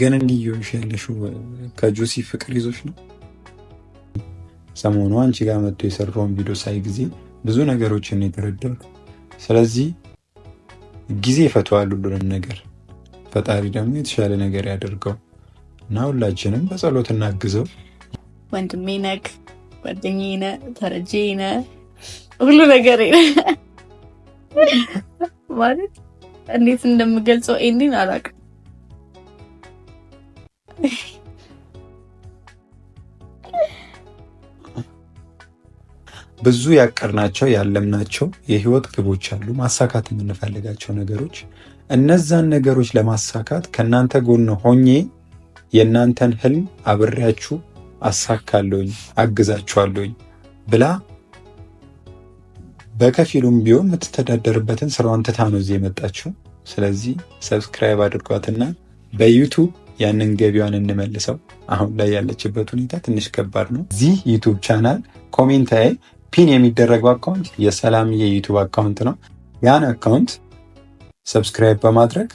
ግን እንዲየሽ ያለሽው ከጆሲ ፍቅር ይዞች ነው። ሰሞኑ አንቺ ጋር መጥቶ የሰራውን ቪዲዮ ሳይ ጊዜ ብዙ ነገሮችን የተረዳሁት። ስለዚህ ጊዜ ይፈተዋል ሁሉንም ነገር፣ ፈጣሪ ደግሞ የተሻለ ነገር ያደርገው እና ሁላችንም በጸሎት እናግዘው። ወንድሜ ነህ፣ ጓደኛዬ ነ ተረጄ ነ ሁሉ ነገር ማለት እንዴት እንደምገልጸው ኤንዲን አላውቅም ብዙ ያቀርናቸው ያለምናቸው የህይወት ግቦች አሉ፣ ማሳካት የምንፈልጋቸው ነገሮች። እነዛን ነገሮች ለማሳካት ከእናንተ ጎን ሆኜ የእናንተን ህልም አብሬያችሁ አሳካለሁኝ፣ አግዛችኋለሁኝ ብላ በከፊሉም ቢሆን የምትተዳደርበትን ስራዋን ትታ ነው እዚህ የመጣችው። ስለዚህ ሰብስክራይብ አድርጓትና በዩቱብ ያንን ገቢዋን እንመልሰው። አሁን ላይ ያለችበት ሁኔታ ትንሽ ከባድ ነው። እዚህ ዩቱብ ቻናል ኮሜንታዬ ፒን የሚደረገው አካውንት የሰላምዬ የዩቱብ አካውንት ነው። ያን አካውንት ሰብስክራይብ በማድረግ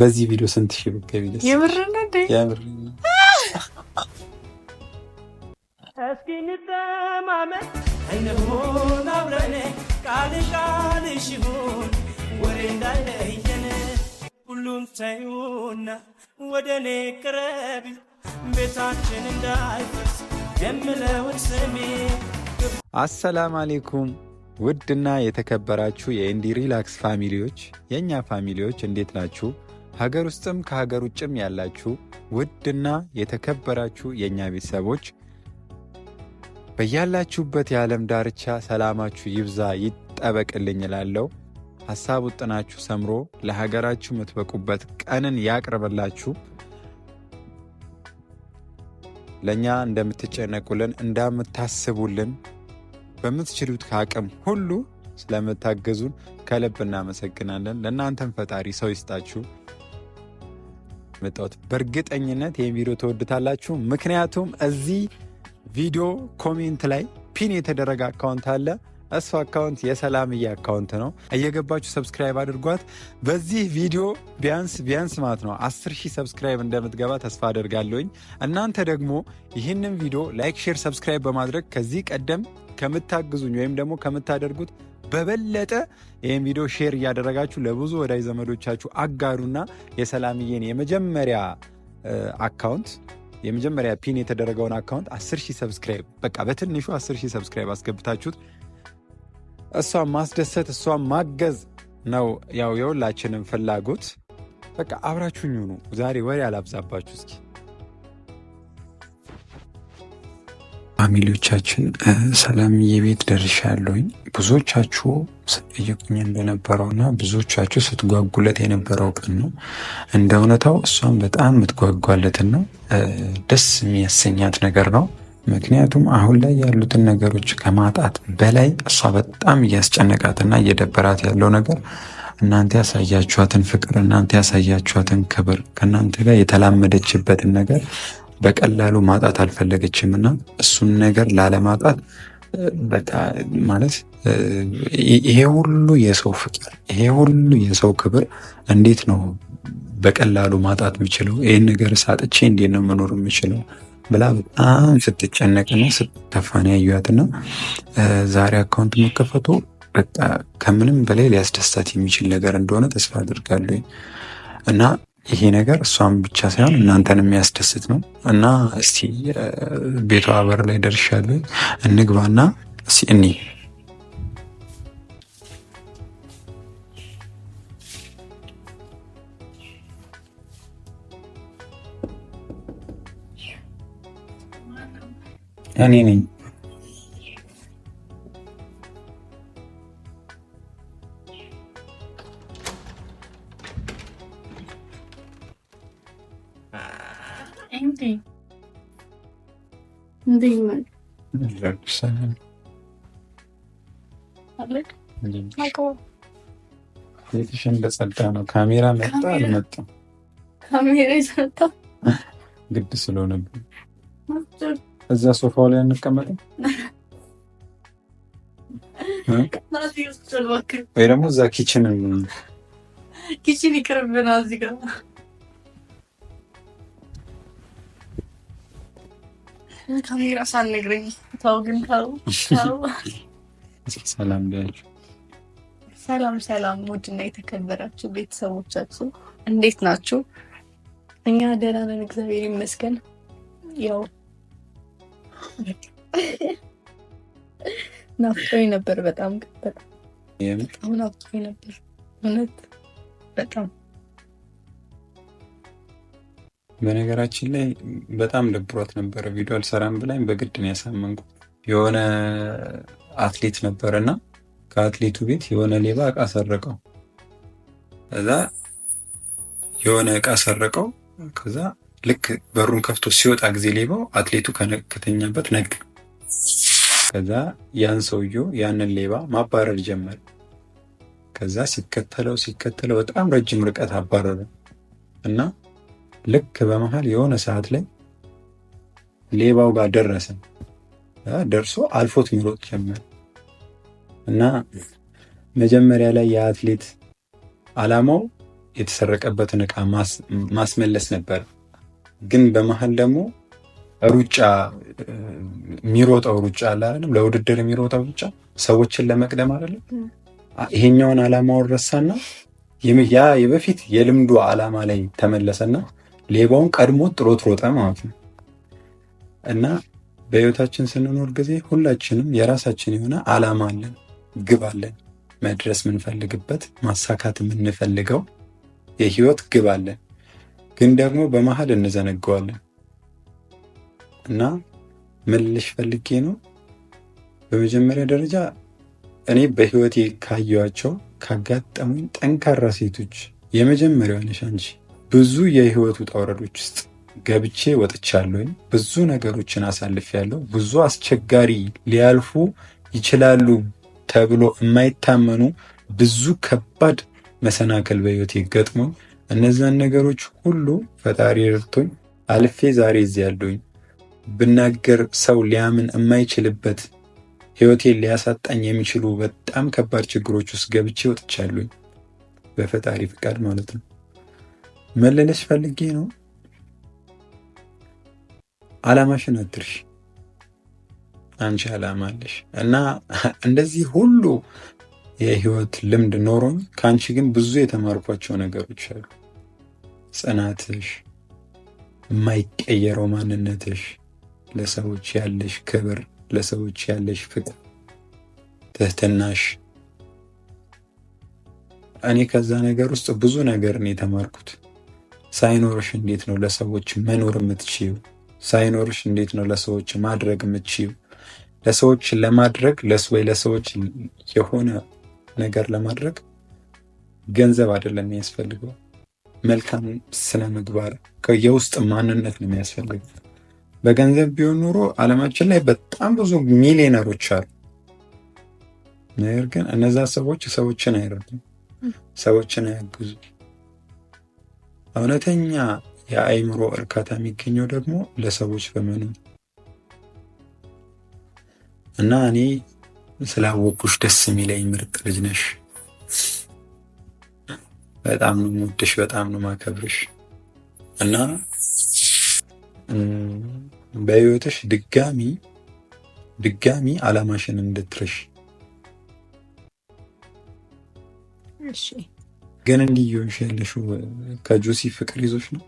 በዚህ ቪዲዮ ስንት ሺህ ብገቢ ደስ የምር ሁሉም ተዩና ወደ እኔ ቅረቢ፣ ቤታችን እንዳይፈርስ የምለውን ስሚ። አሰላም አሌይኩም ውድና የተከበራችሁ የኢንዲ ሪላክስ ፋሚሊዎች፣ የእኛ ፋሚሊዎች እንዴት ናችሁ? ሀገር ውስጥም ከሀገር ውጭም ያላችሁ ውድና የተከበራችሁ የእኛ ቤተሰቦች በያላችሁበት የዓለም ዳርቻ ሰላማችሁ ይብዛ ይጠበቅልኝ እላለሁ። ሀሳብ ውጥናችሁ ሰምሮ ለሀገራችሁ የምትበቁበት ቀንን ያቅርብላችሁ ለእኛ እንደምትጨነቁልን እንደምታስቡልን በምትችሉት ከአቅም ሁሉ ስለምታገዙን ከልብ እናመሰግናለን። ለእናንተም ፈጣሪ ሰው ይስጣችሁ። መጣሁት በእርግጠኝነት ይህን ቪዲዮ ትወዱታላችሁ። ምክንያቱም እዚህ ቪዲዮ ኮሜንት ላይ ፒን የተደረገ አካውንት አለ እሱ አካውንት የሰላምዬ አካውንት ነው። እየገባችሁ ሰብስክራይብ አድርጓት። በዚህ ቪዲዮ ቢያንስ ቢያንስ ማለት ነው አስር ሺህ ሰብስክራይብ እንደምትገባ ተስፋ አደርጋለሁኝ። እናንተ ደግሞ ይህንን ቪዲዮ ላይክ፣ ሼር፣ ሰብስክራይብ በማድረግ ከዚህ ቀደም ከምታግዙኝ ወይም ደግሞ ከምታደርጉት በበለጠ ይህን ቪዲዮ ሼር እያደረጋችሁ ለብዙ ወዳጅ ዘመዶቻችሁ አጋሩና የሰላምዬን የመጀመሪያ አካውንት የመጀመሪያ ፒን የተደረገውን አካውንት 10 ሺህ ሰብስክራይብ በቃ በትንሹ 10 ሺህ ሰብስክራይብ አስገብታችሁት እሷን ማስደሰት እሷን ማገዝ ነው ያው የሁላችንም ፍላጎት። በቃ አብራችሁኝ ሁኑ። ዛሬ ወሬ አላብዛባችሁ። እስኪ ፋሚሊዎቻችን የቤት ደርሻ ያለውኝ ብዙዎቻችሁ እንደነበረው እንደነበረውና ብዙዎቻችሁ ስትጓጉለት የነበረው ቀን ነው። እንደ እውነታው እሷን በጣም የምትጓጓለትን ነው። ደስ የሚያሰኛት ነገር ነው። ምክንያቱም አሁን ላይ ያሉትን ነገሮች ከማጣት በላይ እሷ በጣም እያስጨነቃትና እየደበራት ያለው ነገር እናንተ ያሳያችኋትን ፍቅር፣ እናንተ ያሳያችኋትን ክብር፣ ከእናንተ ጋር የተላመደችበትን ነገር በቀላሉ ማጣት አልፈለገችም እና እሱን ነገር ላለማጣት በቃ ማለት ይሄ ሁሉ የሰው ፍቅር፣ ይሄ ሁሉ የሰው ክብር እንዴት ነው በቀላሉ ማጣት የምችለው? ይህን ነገር ሳጥቼ እንዴት ነው መኖር የምችለው? ብላ በጣም ስትጨነቅና ስትከፋን ያዩዋትና ዛሬ አካውንት መከፈቱ በቃ ከምንም በላይ ሊያስደስታት የሚችል ነገር እንደሆነ ተስፋ አድርጋለሁ እና ይሄ ነገር እሷን ብቻ ሳይሆን እናንተን የሚያስደስት ነው እና እስቲ ቤቷ በር ላይ ደርሻለሁ፣ እንግባና እኔ জানি নেই Demon. Looks like. Look. Michael. ቤትሽን በጸዳ ነው። ካሜራ መጣ አልመጣም? ካሜራ ይዘጣ ግድ ስለሆነብኝ እዛ ሶፋ ላይ እንቀመጥም ወይ ደግሞ እዛ ኪችን ኪችን ይቅርብና እዚህ ጋር ሰላም ሰላም ሰላም ውድና የተከበራችሁ ቤተሰቦቻችሁ እንዴት ናችሁ እኛ ደህና ነን እግዚአብሔር ይመስገን ያው ናፍቆኝ ነበር። በጣም በጣም ናፍቆኝ ነበር እውነት በጣም በነገራችን ላይ በጣም ደብሯት ነበረ። ቪዲዮ አልሰራም ብላኝ በግድ ነው ያሳመንኩ። የሆነ አትሌት ነበር እና ከአትሌቱ ቤት የሆነ ሌባ እቃ ሰረቀው። ከዛ የሆነ እቃ ሰረቀው ከዛ ልክ በሩን ከፍቶ ሲወጣ ጊዜ ሌባው አትሌቱ ከተኛበት ነግ ከዛ ያን ሰውየ ያንን ሌባ ማባረር ጀመረ። ከዛ ሲከተለው ሲከተለው በጣም ረጅም ርቀት አባረረ እና ልክ በመሀል የሆነ ሰዓት ላይ ሌባው ጋር ደረሰ። ደርሶ አልፎት ሚሮጥ ጀመረ እና መጀመሪያ ላይ የአትሌት አላማው የተሰረቀበትን እቃ ማስመለስ ነበር። ግን በመሀል ደግሞ ሩጫ የሚሮጠው ሩጫ አለ አይደለም፣ ለውድድር የሚሮጠው ሩጫ ሰዎችን ለመቅደም አይደለም። ይሄኛውን አላማውን ረሳና ያ የበፊት የልምዱ አላማ ላይ ተመለሰና ሌባውን ቀድሞ ጥሎት ሮጠ ማለት ነው። እና በህይወታችን ስንኖር ጊዜ ሁላችንም የራሳችን የሆነ አላማ አለን፣ ግብ አለን፣ መድረስ የምንፈልግበት ማሳካት የምንፈልገው የህይወት ግብ አለን። ግን ደግሞ በመሀል እንዘነገዋለን እና መልሽ ፈልጌ ነው። በመጀመሪያ ደረጃ እኔ በህይወቴ ካየኋቸው ካጋጠሙኝ ጠንካራ ሴቶች የመጀመሪያው ነሽ አንቺ። ብዙ የህይወት ውጣ ውረዶች ውስጥ ገብቼ ወጥቻለሁኝ። ብዙ ነገሮችን አሳልፌያለሁ። ብዙ አስቸጋሪ ሊያልፉ ይችላሉ ተብሎ የማይታመኑ ብዙ ከባድ መሰናክል በህይወቴ ገጥሞኝ እነዛን ነገሮች ሁሉ ፈጣሪ ረድቶኝ አልፌ ዛሬ እዚህ ያለሁኝ ብናገር ሰው ሊያምን የማይችልበት ህይወቴን ሊያሳጣኝ የሚችሉ በጣም ከባድ ችግሮች ውስጥ ገብቼ ወጥቻለሁኝ። በፈጣሪ ፍቃድ ማለት ነው። መለለሽ ፈልጌ ነው። አላማሽን አትርሽ። አንቺ አላማ አለሽ እና እንደዚህ ሁሉ የህይወት ልምድ ኖሮኝ ከአንቺ ግን ብዙ የተማርኳቸው ነገሮች አሉ። ጽናትሽ፣ የማይቀየረው ማንነትሽ፣ ለሰዎች ያለሽ ክብር፣ ለሰዎች ያለሽ ፍቅር፣ ትህትናሽ እኔ ከዛ ነገር ውስጥ ብዙ ነገር ነው የተማርኩት። ሳይኖርሽ እንዴት ነው ለሰዎች መኖር የምትችይው? ሳይኖርሽ እንዴት ነው ለሰዎች ማድረግ የምትችይው? ለሰዎች ለማድረግ ወይ ለሰዎች የሆነ ነገር ለማድረግ ገንዘብ አይደለም የሚያስፈልገው መልካም ስነ ምግባር የውስጥ ማንነት ነው የሚያስፈልግ። በገንዘብ ቢሆን ኑሮ አለማችን ላይ በጣም ብዙ ሚሊዮነሮች አሉ። ነገር ግን እነዛ ሰዎች ሰዎችን አይረዱም፣ ሰዎችን አያግዙም። እውነተኛ የአእምሮ እርካታ የሚገኘው ደግሞ ለሰዎች በመኖር እና እኔ ስላወቁሽ ደስ የሚለኝ ምርጥ ልጅ ነሽ። በጣም ነው የምወድሽ፣ በጣም ነው የማከብርሽ እና በህይወትሽ ድጋሚ ድጋሚ አላማሽን እንድትረሽ ግን እንዲህ እየሆንሽ ያለሽው ከጆሲ ፍቅር ይዞች ነው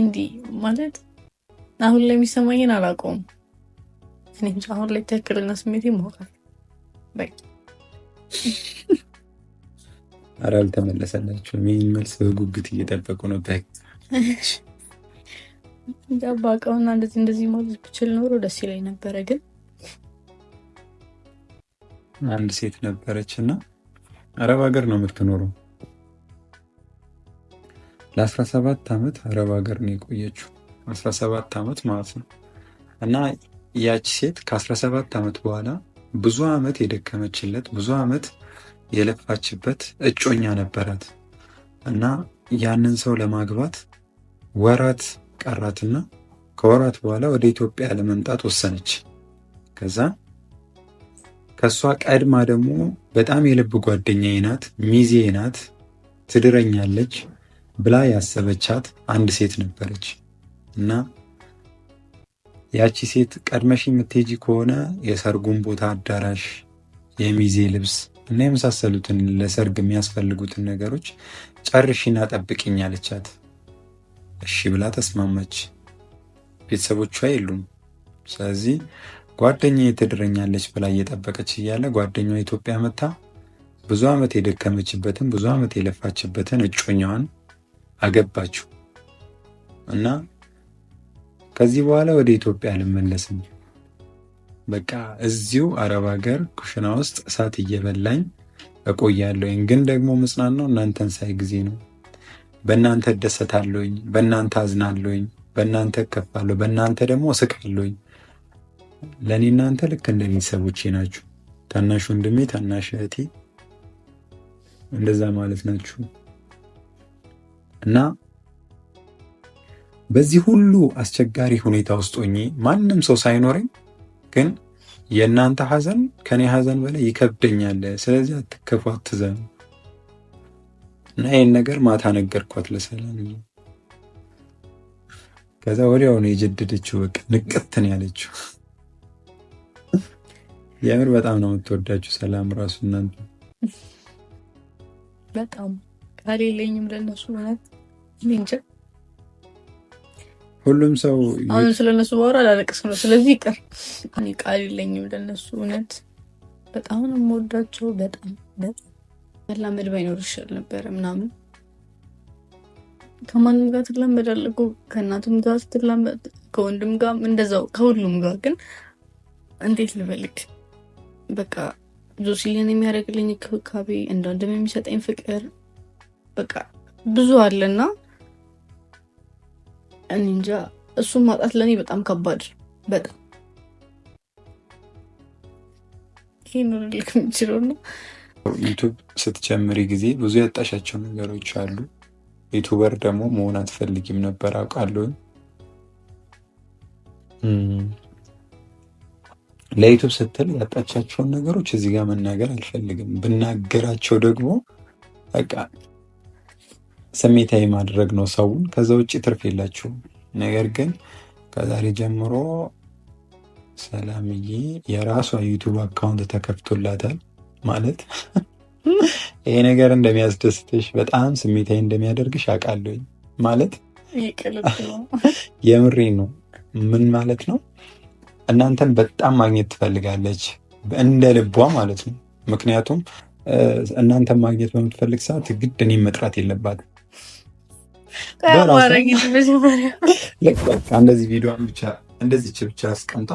እንዲህ ማለት አሁን ላይ የሚሰማኝን አላውቀውም። እኔ አሁን ላይ ትክክለኛ ስሜት ይሞቃል አረ አልተመለሰላችሁም። ይህን መልስ በጉጉት እየጠበቁ ነው። ባቀውና እንደዚህ እንደዚህ ማለት ብችል ኖሮ ደስ ይለኝ ነበረ። ግን አንድ ሴት ነበረች እና አረብ ሀገር ነው የምትኖረው። ለአስራ ሰባት ዓመት አረብ ሀገር ነው የቆየችው። አስራ ሰባት ዓመት ማለት ነው እና ያቺ ሴት ከአስራ ሰባት ዓመት በኋላ ብዙ ዓመት የደከመችለት ብዙ ዓመት የለፋችበት እጮኛ ነበራት እና ያንን ሰው ለማግባት ወራት ቀራትና ከወራት በኋላ ወደ ኢትዮጵያ ለመምጣት ወሰነች። ከዛ ከእሷ ቀድማ ደግሞ በጣም የልብ ጓደኛዬ ናት፣ ሚዜ ናት፣ ትድረኛለች ብላ ያሰበቻት አንድ ሴት ነበረች እና ያቺ ሴት ቀድመሽ የምትሄጂ ከሆነ የሰርጉን ቦታ አዳራሽ፣ የሚዜ ልብስ እና የመሳሰሉትን ለሰርግ የሚያስፈልጉትን ነገሮች ጨርሽና ጠብቅኝ አለቻት። እሺ ብላ ተስማማች። ቤተሰቦቿ የሉም። ስለዚህ ጓደኛ ትድረኛለች ብላ እየጠበቀች እያለ ጓደኛ ኢትዮጵያ መታ ብዙ ዓመት የደከመችበትን ብዙ ዓመት የለፋችበትን እጮኛዋን አገባችው እና ከዚህ በኋላ ወደ ኢትዮጵያ አልመለስም በቃ እዚሁ አረብ ሀገር ኩሽና ውስጥ እሳት እየበላኝ እቆያለሁኝ። ግን ደግሞ ምጽናናው እናንተን ሳይ ጊዜ ነው። በእናንተ እደሰታለሁኝ፣ በእናንተ አዝናለሁኝ፣ በእናንተ እከፋለሁ፣ በእናንተ ደግሞ እስቃለሁኝ። ለእኔ እናንተ ልክ እንደ ቤተሰቦቼ ናችሁ። ታናሽ ወንድሜ፣ ታናሽ እህቴ እንደዛ ማለት ናችሁ እና በዚህ ሁሉ አስቸጋሪ ሁኔታ ውስጥ ሆኜ ማንም ሰው ሳይኖረኝ ግን የእናንተ ሐዘን ከኔ ሐዘን በላይ ይከብደኛል። ስለዚህ አትከፉ፣ አትዘኑ እና ይህን ነገር ማታ ነገርኳት ለሰላም። ከዛ ወዲያውኑ የጀደደችው በቃ ንቅት ነው ያለችው። የምር በጣም ነው የምትወዳችሁ ሰላም ራሱ እናንተ በጣም ከሌለኝም ለነሱ እውነት ሁሉም ሰው አሁን ስለነሱ ባወራ አላለቅስም ነው። ስለዚህ ይቅር፣ እኔ ቃል የለኝም ለነሱ። እውነት በጣም ነው የምወዳቸው። በጣም መላመድ ባይኖር ይሻል ነበረ ምናምን። ከማንም ጋር ትላመዳለህ እኮ ከእናቱም ጋር ስትላመድ፣ ከወንድም ጋር እንደዛው፣ ከሁሉም ጋር ግን እንዴት ልበልክ በቃ ብዙ ሲልን የሚያደርግልኝ እንክብካቤ እንደ ወንድም የሚሰጠኝ ፍቅር በቃ ብዙ አለና እንጃ እሱን ማጣት ለእኔ በጣም ከባድ በጣም ይህ ልክ ነው። ዩቱብ ስትጀምሪ ጊዜ ብዙ ያጣሻቸው ነገሮች አሉ። ዩቱበር ደግሞ መሆን አትፈልጊም ነበር አውቃለሁ። ለዩቱብ ስትል ያጣቻቸውን ነገሮች እዚህ ጋር መናገር አልፈልግም። ብናገራቸው ደግሞ በቃ ስሜታዊ ማድረግ ነው ሰውን። ከዛ ውጭ ትርፍ የላችሁም። ነገር ግን ከዛሬ ጀምሮ ሰላምዬ የራሷ ዩቱብ አካውንት ተከፍቶላታል ማለት ይሄ ነገር እንደሚያስደስትሽ በጣም ስሜታዊ እንደሚያደርግሽ አውቃለሁኝ። ማለት የምሬ ነው። ምን ማለት ነው? እናንተን በጣም ማግኘት ትፈልጋለች እንደ ልቧ ማለት ነው። ምክንያቱም እናንተን ማግኘት በምትፈልግ ሰዓት ግድ መጥራት የለባትም። እንደዚህ ቪዲዮን ብቻ እንደዚህ ች ብቻ አስቀምጣ።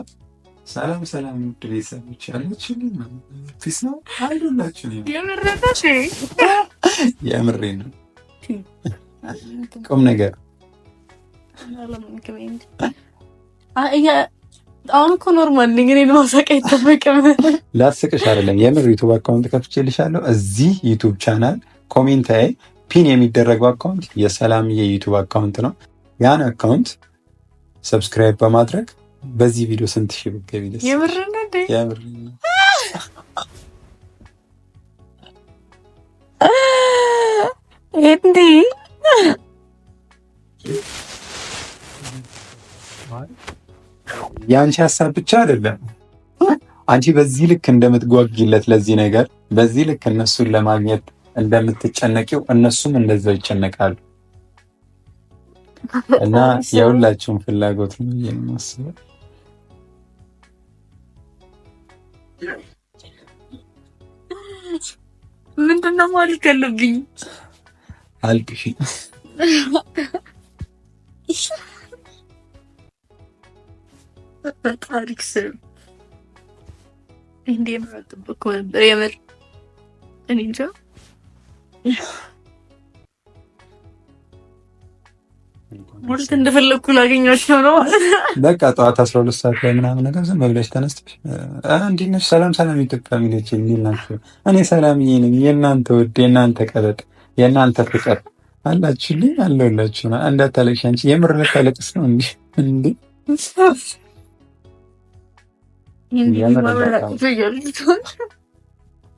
ሰላም ሰላም፣ ውድ ቤተሰቦች ያለችው ፊስ ነው አይሉላችሁ የምሬ ነው። ቁም ነገር አሁን እኮ ኖርማል ነኝ። እኔን ማሳቅ አይጠበቅም። ላስቅሽ አይደለም የምር ዩቱብ አካውንት ከፍቼልሻለሁ። እዚህ ዩቱብ ቻናል ኮሜንት ፒን የሚደረገው አካውንት የሰላም የዩቱብ አካውንት ነው። ያን አካውንት ሰብስክራይብ በማድረግ በዚህ ቪዲዮ ስንት ሺ ብገቢ ደስ የምር እንዴ የአንቺ ሀሳብ ብቻ አይደለም። አንቺ በዚህ ልክ እንደምትጓጊለት ለዚህ ነገር በዚህ ልክ እነሱን ለማግኘት እንደምትጨነቂው እነሱም እንደዛው ይጨነቃሉ። እና የሁላችሁም ፍላጎት ነው የማስበው። ምንድን ነው ማለት ያለብኝ? አልቅሽ በታሪክ ስም እንዴ የምረጥበት እኮ ነበር የምር እኔ እንጃ። ሁለት እንደፈለግኩ ላገኛቸው ነው። በቃ ጠዋት አስራ ሁለት ሰዓት ላይ ምናምን ነገር ዝም ብለሽ ተነስተሽ እንዴት ነሽ ሰላም ሰላም ኢትዮጵያ ሚሎች የሚል እኔ ሰላም ነኝ የእናንተ ውድ የእናንተ ቀለጥ የእናንተ ፍቅር አላችሁልኝ አለሁላችሁ። እንዳታለቅሽ አንቺ የምር ልታለቅስ ነው እንዲ እንዲ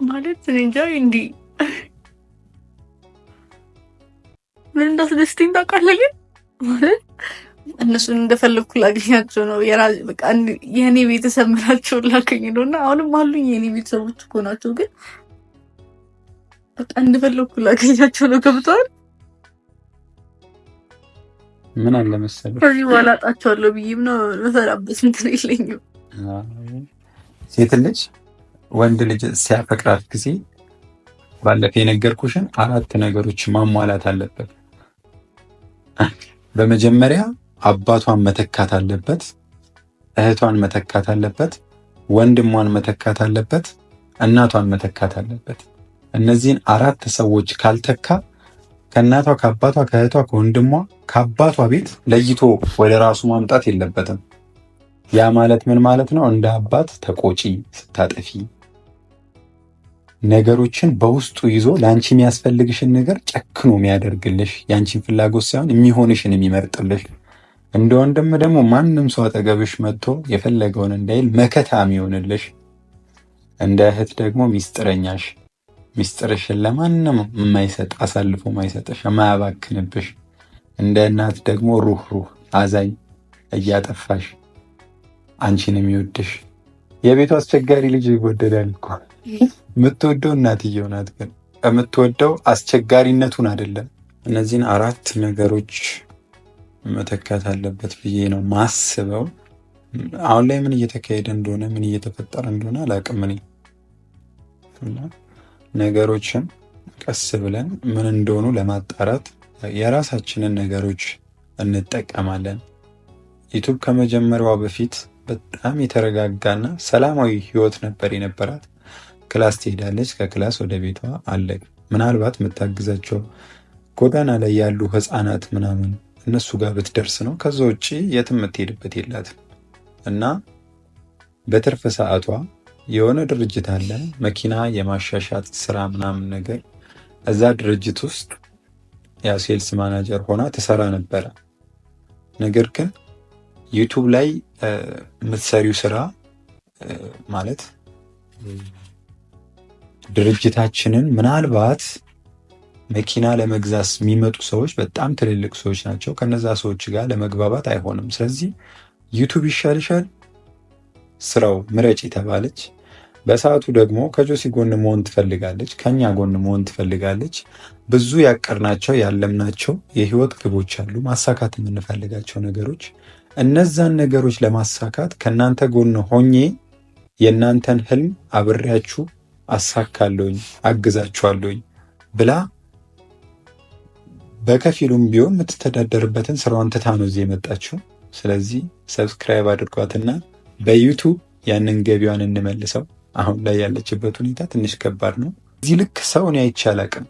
ማለት እንጃ እንዲህ ምን እንዳስደስተኝ ታውቃለህ? ግን ማለት እነሱን እንደፈለግኩ ላገኛቸው ነው። የእኔ ቤተሰብ ምናቸውን ላገኝ ነው እና አሁንም አሉኝ የእኔ ቤተሰቦች እኮ ናቸው። ግን በቃ እንደፈለግኩ ላገኛቸው ነው። ገብተዋል። ምን አለ መሰለህ ከዚህ በኋላ አጣቸዋለሁ ብዬ ነው መሰራበት እንትን የለኝም። ሴት ልጅ ወንድ ልጅ ሲያፈቅራት ጊዜ ባለፈ የነገርኩሽን አራት ነገሮች ማሟላት አለበት። በመጀመሪያ አባቷን መተካት አለበት፣ እህቷን መተካት አለበት፣ ወንድሟን መተካት አለበት፣ እናቷን መተካት አለበት። እነዚህን አራት ሰዎች ካልተካ ከእናቷ ከአባቷ ከእህቷ ከወንድሟ ከአባቷ ቤት ለይቶ ወደ ራሱ ማምጣት የለበትም። ያ ማለት ምን ማለት ነው? እንደ አባት ተቆጪ ስታጠፊ ነገሮችን በውስጡ ይዞ ለአንቺ የሚያስፈልግሽን ነገር ጨክኖ የሚያደርግልሽ የአንቺን ፍላጎት ሳይሆን የሚሆንሽን የሚመርጥልሽ እንደ ወንድም ደግሞ ማንም ሰው አጠገብሽ መጥቶ የፈለገውን እንዳይል መከታ የሚሆንልሽ እንደ እህት ደግሞ ሚስጥረኛሽ ሚስጥርሽን ለማንም የማይሰጥ አሳልፎ ማይሰጥሽ የማያባክንብሽ እንደ እናት ደግሞ ሩህ ሩህ አዛኝ እያጠፋሽ አንቺን የሚወድሽ የቤቱ አስቸጋሪ ልጅ ይወደዳል እኮ የምትወደው እናትየው ናት። ግን የምትወደው አስቸጋሪነቱን አይደለም። እነዚህን አራት ነገሮች መተካት አለበት ብዬ ነው ማስበው። አሁን ላይ ምን እየተካሄደ እንደሆነ ምን እየተፈጠረ እንደሆነ አላውቅም እኔ እና ነገሮችን ቀስ ብለን ምን እንደሆኑ ለማጣራት የራሳችንን ነገሮች እንጠቀማለን። ዩቱብ ከመጀመሪያዋ በፊት በጣም የተረጋጋና ሰላማዊ ህይወት ነበር የነበራት። ክላስ ትሄዳለች። ከክላስ ወደ ቤቷ አለቅ ምናልባት የምታግዛቸው ጎዳና ላይ ያሉ ህፃናት ምናምን እነሱ ጋር ብትደርስ ነው። ከዛ ውጭ የት የምትሄድበት የላትም እና በትርፍ ሰዓቷ የሆነ ድርጅት አለ መኪና የማሻሻጥ ስራ ምናምን ነገር እዛ ድርጅት ውስጥ ያ ሴልስ ማናጀር ሆና ትሰራ ነበረ። ነገር ግን ዩቱብ ላይ የምትሰሪው ስራ ማለት ድርጅታችንን ምናልባት መኪና ለመግዛት የሚመጡ ሰዎች በጣም ትልልቅ ሰዎች ናቸው። ከነዛ ሰዎች ጋር ለመግባባት አይሆንም። ስለዚህ ዩቱብ ይሻልሻል፣ ስራው ምረጭ ተባለች። በሰዓቱ ደግሞ ከጆሲ ጎን መሆን ትፈልጋለች፣ ከኛ ጎን መሆን ትፈልጋለች። ብዙ ያቀርናቸው ያለምናቸው የህይወት ግቦች አሉ፣ ማሳካት የምንፈልጋቸው ነገሮች። እነዛን ነገሮች ለማሳካት ከእናንተ ጎን ሆኜ የእናንተን ህልም አብሬያችሁ አሳካለሁኝ፣ አግዛችኋለሁኝ ብላ በከፊሉም ቢሆን የምትተዳደርበትን ስራዋን ትታ ነው እዚህ የመጣችው። ስለዚህ ሰብስክራይብ አድርጓትና በዩቱብ ያንን ገቢዋን እንመልሰው። አሁን ላይ ያለችበት ሁኔታ ትንሽ ከባድ ነው። እዚህ ልክ ሰው እኔ አይቼ አላቅም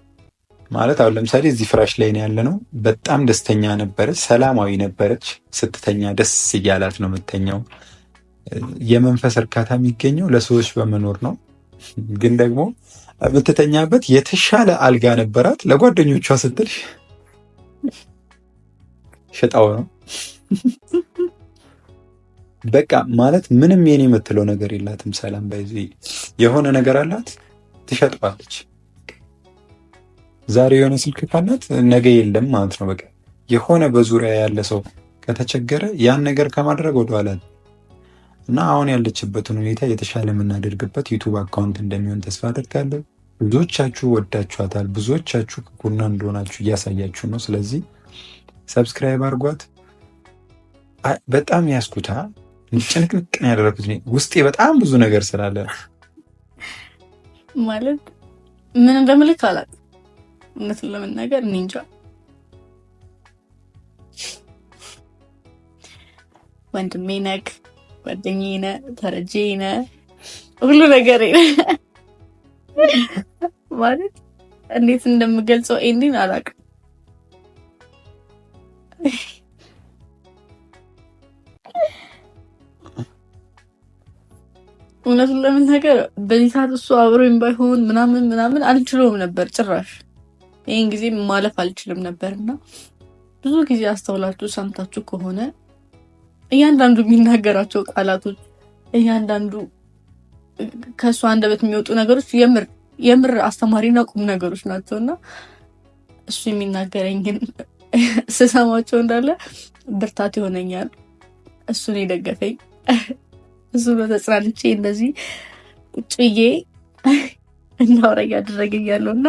ማለት አሁን ለምሳሌ እዚህ ፍራሽ ላይ ነው ነው። በጣም ደስተኛ ነበረች፣ ሰላማዊ ነበረች። ስትተኛ ደስ እያላት ነው የምተኛው። የመንፈስ እርካታ የሚገኘው ለሰዎች በመኖር ነው። ግን ደግሞ የምትተኛበት የተሻለ አልጋ ነበራት። ለጓደኞቿ ስትል ሽጣው ነው በቃ ማለት ምንም የኔ የምትለው ነገር የላትም። ሰላም ባይዚ የሆነ ነገር አላት ትሸጥባለች። ዛሬ የሆነ ስልክ ካላት ነገ የለም ማለት ነው። በቃ የሆነ በዙሪያ ያለ ሰው ከተቸገረ ያን ነገር ከማድረግ ወደኋላ እና አሁን ያለችበትን ሁኔታ የተሻለ የምናደርግበት ዩቱብ አካውንት እንደሚሆን ተስፋ አደርጋለሁ። ብዙዎቻችሁ ወዳችኋታል፣ ብዙዎቻችሁ ከጎኗ እንደሆናችሁ እያሳያችሁ ነው። ስለዚህ ሰብስክራይብ አድርጓት። በጣም ያስኩታ ጭንቅንቅን ያደረኩት ውስጤ በጣም ብዙ ነገር ስላለ ማለት ምን እንደምልክ አላት። እውነቱን ለመናገር እኔ እንጃ ወንድሜ ነግ ጓደኛዬ ተረጀነ ሁሉ ነገር ማለት እንዴት እንደምገልጸው ኤንዲን አላውቅም። እውነቱን ለመናገር በዚህ ሰዓት እሱ አብሮኝ ባይሆን ምናምን ምናምን አልችለውም ነበር ጭራሽ ይህን ጊዜ ማለፍ አልችልም ነበር እና ብዙ ጊዜ አስተውላችሁ ሰምታችሁ ከሆነ እያንዳንዱ የሚናገራቸው ቃላቶች፣ እያንዳንዱ ከእሱ አንደበት የሚወጡ ነገሮች የምር አስተማሪና ቁም ነገሮች ናቸው እና እሱ የሚናገረኝን ስሰማቸው እንዳለ ብርታት ይሆነኛል። እሱን የደገፈኝ እሱ በተጽናንቼ እንደዚህ ጭዬ እናውራ እያደረገኝ ያለው እና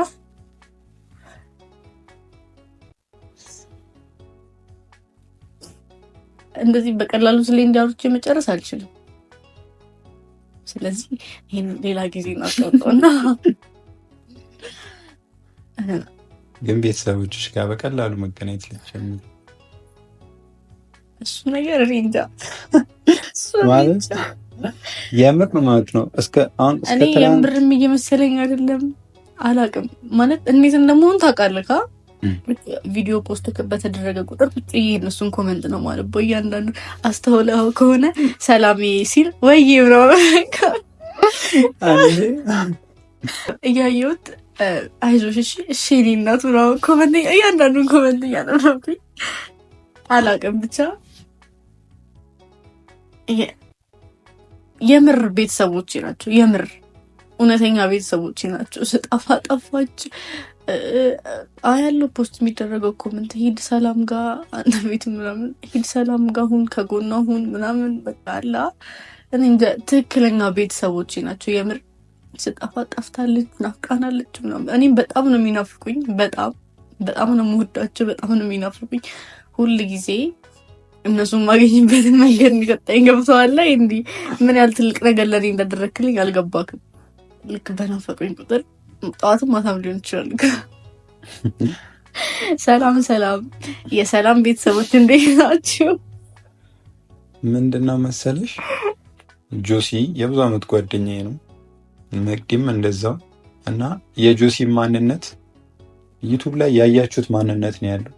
እንደዚህ በቀላሉ ስለ እንዳሮች መጨረስ አልችልም። ስለዚህ ይህን ሌላ ጊዜ እናስቀምጠውና ግን ቤተሰቦችሽ ጋር በቀላሉ መገናኘት ልችል እሱ ነገር ሬንጃ ማለት የምር ማለት ነው። እስከ አሁን እኔ የምርም እየመሰለኝ አይደለም። አላቅም ማለት እንዴት እንደመሆን ታውቃለህ። ቪዲዮ ፖስት በተደረገ ቁጥር ቁጭ እነሱን ኮመንት ነው ማለት እያንዳንዱ አስተውለው ከሆነ ሰላሜ ሲል ወይዬ ነው እያየሁት አይዞሽ እሺ እሺ እኔ እናት ምናምን ኮመንት እያንዳንዱን ኮመንት እያነበብኩኝ አላቅም ብቻ የምር ቤተሰቦች ናቸው የምር እውነተኛ ቤተሰቦቼ ናቸው። ስጠፋ ጠፋች አያለው ፖስት የሚደረገው ኮመንት ሂድ ሰላም ጋር አንተ ቤት ምናምን ሂድ ሰላም ጋ ሁን ከጎና ሁን ምናምን በቃ አላ እኔ ትክክለኛ ቤተሰቦቼ ናቸው። የምር ስጠፋ ጠፍታለች፣ ናፍቃናለች ምናምን እኔም በጣም ነው የሚናፍቁኝ። በጣም በጣም ነው የምወዳቸው። በጣም ነው የሚናፍቁኝ። ሁል ጊዜ እነሱን ማገኝበትን መንገድ እንዲቀጣኝ ገብተዋላ እንዲህ ምን ያህል ትልቅ ነገር ለእኔ እንዳደረክልኝ አልገባክም። ልክ በናፈቀኝ ቁጥር ጠዋትም ማታም ሊሆን ይችላል። ሰላም ሰላም፣ የሰላም ቤተሰቦች እንዴት ናቸው? ምንድነው መሰለሽ ጆሲ የብዙ አመት ጓደኛዬ ነው፣ መቅዲም እንደዛው እና የጆሲ ማንነት ዩቱብ ላይ ያያችሁት ማንነት ነው ያለው።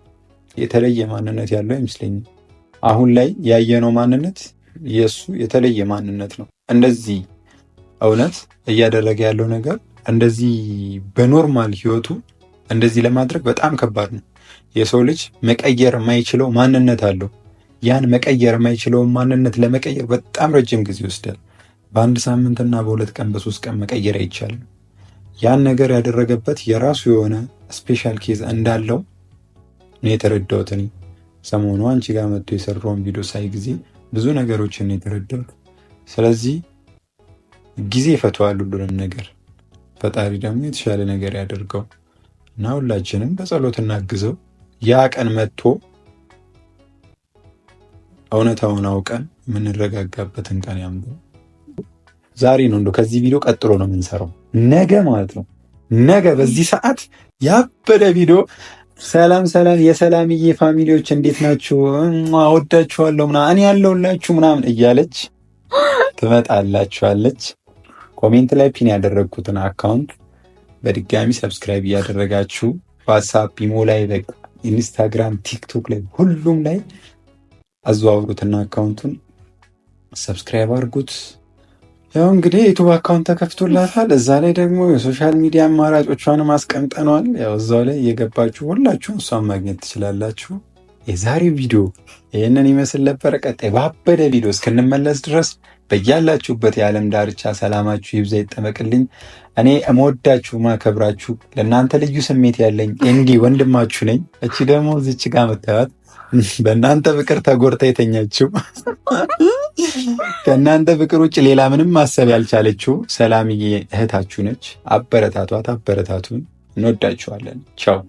የተለየ ማንነት ያለው አይመስለኝም። አሁን ላይ ያየነው ማንነት የእሱ የተለየ ማንነት ነው እንደዚህ እውነት እያደረገ ያለው ነገር እንደዚህ በኖርማል ህይወቱ እንደዚህ ለማድረግ በጣም ከባድ ነው። የሰው ልጅ መቀየር የማይችለው ማንነት አለው። ያን መቀየር የማይችለውን ማንነት ለመቀየር በጣም ረጅም ጊዜ ይወስዳል። በአንድ ሳምንትና በሁለት ቀን በሶስት ቀን መቀየር አይቻልም። ያን ነገር ያደረገበት የራሱ የሆነ ስፔሻል ኬዝ እንዳለው ነው የተረዳሁት። እኔ ሰሞኑ አንቺ ጋር መጥቶ የሰራውን ቪዲዮ ሳይ ጊዜ ብዙ ነገሮችን ነው የተረዳሁት። ስለዚህ ጊዜ ይፈተዋል ሁሉንም ነገር። ፈጣሪ ደግሞ የተሻለ ነገር ያደርገው እና ሁላችንም በጸሎት እናግዘው። ያ ቀን መጥቶ እውነታውን አውቀን የምንረጋጋበትን ቀን ያምጡ። ዛሬ ነው እንደው ከዚህ ቪዲዮ ቀጥሎ ነው የምንሰራው፣ ነገ ማለት ነው። ነገ በዚህ ሰዓት ያበደ ቪዲዮ። ሰላም ሰላም፣ የሰላምዬ ፋሚሊዎች እንዴት ናችሁ? ወዳችኋለሁ ምና እኔ ያለውላችሁ ምናምን እያለች ትመጣላችኋለች። ኮሜንት ላይ ፒን ያደረግኩትን አካውንት በድጋሚ ሰብስክራይብ እያደረጋችሁ ዋትሳፕ፣ ኢሞ ላይ፣ ኢንስታግራም፣ ቲክቶክ ላይ ሁሉም ላይ አዘዋውሩትና አካውንቱን ሰብስክራይብ አድርጉት። ያው እንግዲህ ዩቱብ አካውንት ተከፍቶላታል። እዛ ላይ ደግሞ የሶሻል ሚዲያ አማራጮቿንም አስቀምጠነዋል። ያው እዛው ላይ እየገባችሁ ሁላችሁም እሷን ማግኘት ትችላላችሁ። የዛሬው ቪዲዮ ይህንን ይመስል ነበረ። ቀጣይ ባበደ ቪዲዮ እስክንመለስ ድረስ በያላችሁበት የዓለም ዳርቻ ሰላማችሁ ይብዛ ይጠመቅልኝ። እኔ እመወዳችሁ ማከብራችሁ ለእናንተ ልዩ ስሜት ያለኝ እንዲ ወንድማችሁ ነኝ። እቺ ደግሞ ዝች ጋር መታያት በእናንተ ፍቅር ተጎርታ የተኛችው ከእናንተ ፍቅር ውጭ ሌላ ምንም ማሰብ ያልቻለችው ሰላምዬ እህታችሁ ነች። አበረታቷት፣ አበረታቱን። እንወዳችኋለን። ቻው